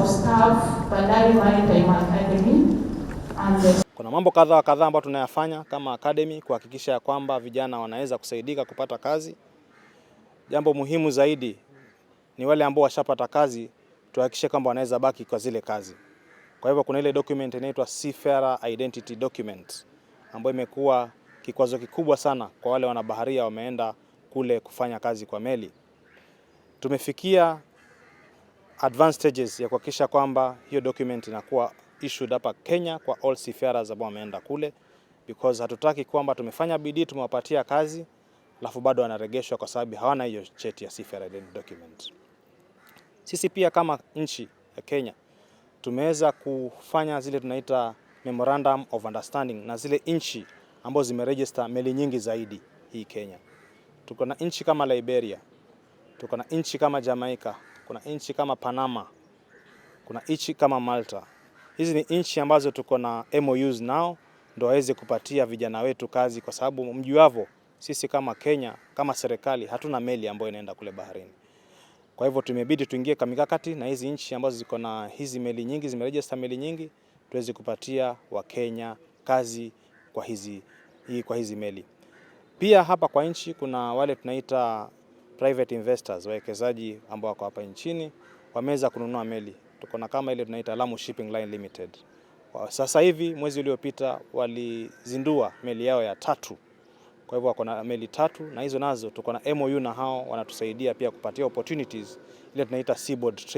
of staff Bandari Maritime Academy and the... Kuna mambo kadha wa kadhaa ambayo tunayafanya kama academy kuhakikisha ya kwamba vijana wanaweza kusaidika kupata kazi. Jambo muhimu zaidi ni wale ambao washapata kazi tuhakikishe kwamba wanaweza baki kwa zile kazi. Kwa hivyo kuna ile document inaitwa Seafarer Identity Document ambayo imekuwa kikwazo kikubwa sana kwa wale wanabaharia wameenda kule kufanya kazi kwa meli. Tumefikia advanced stages ya kuhakikisha kwamba hiyo document inakuwa issued hapa Kenya kwa all seafarers ambao wameenda kule, because hatutaki kwamba tumefanya bidii, tumewapatia kazi alafu bado wanaregeshwa kwa sababu hawana hiyo cheti ya seafarer document. Sisi pia kama nchi ya Kenya tumeweza kufanya zile tunaita memorandum of understanding na zile nchi ambazo zimeregister meli nyingi zaidi hii Kenya. Tuko na nchi kama Liberia, tuko na nchi kama Jamaica kuna nchi kama Panama, kuna nchi kama Malta. Hizi ni nchi ambazo tuko na MOUs nao ndo waweze kupatia vijana wetu kazi, kwa sababu mjuavo sisi kama Kenya kama serikali hatuna meli ambayo inaenda kule baharini. Kwa hivyo tumebidi tuingie kwa mikakati na hizi nchi ambazo ziko na hizi meli nyingi, zimerejista meli nyingi, tuweze kupatia Wakenya kazi kwa hizi, kwa hizi meli. Pia hapa kwa nchi kuna wale tunaita private investors, wawekezaji ambao wako hapa nchini wameweza kununua meli. Tuko na kama ile tunaita Lamu Shipping Line Limited. Sasa hivi mwezi uliopita walizindua meli yao ya tatu. Kwa hivyo wako na meli tatu na hizo nazo tuko na MOU na hao wanatusaidia pia kupatia opportunities ile tunaita seaboard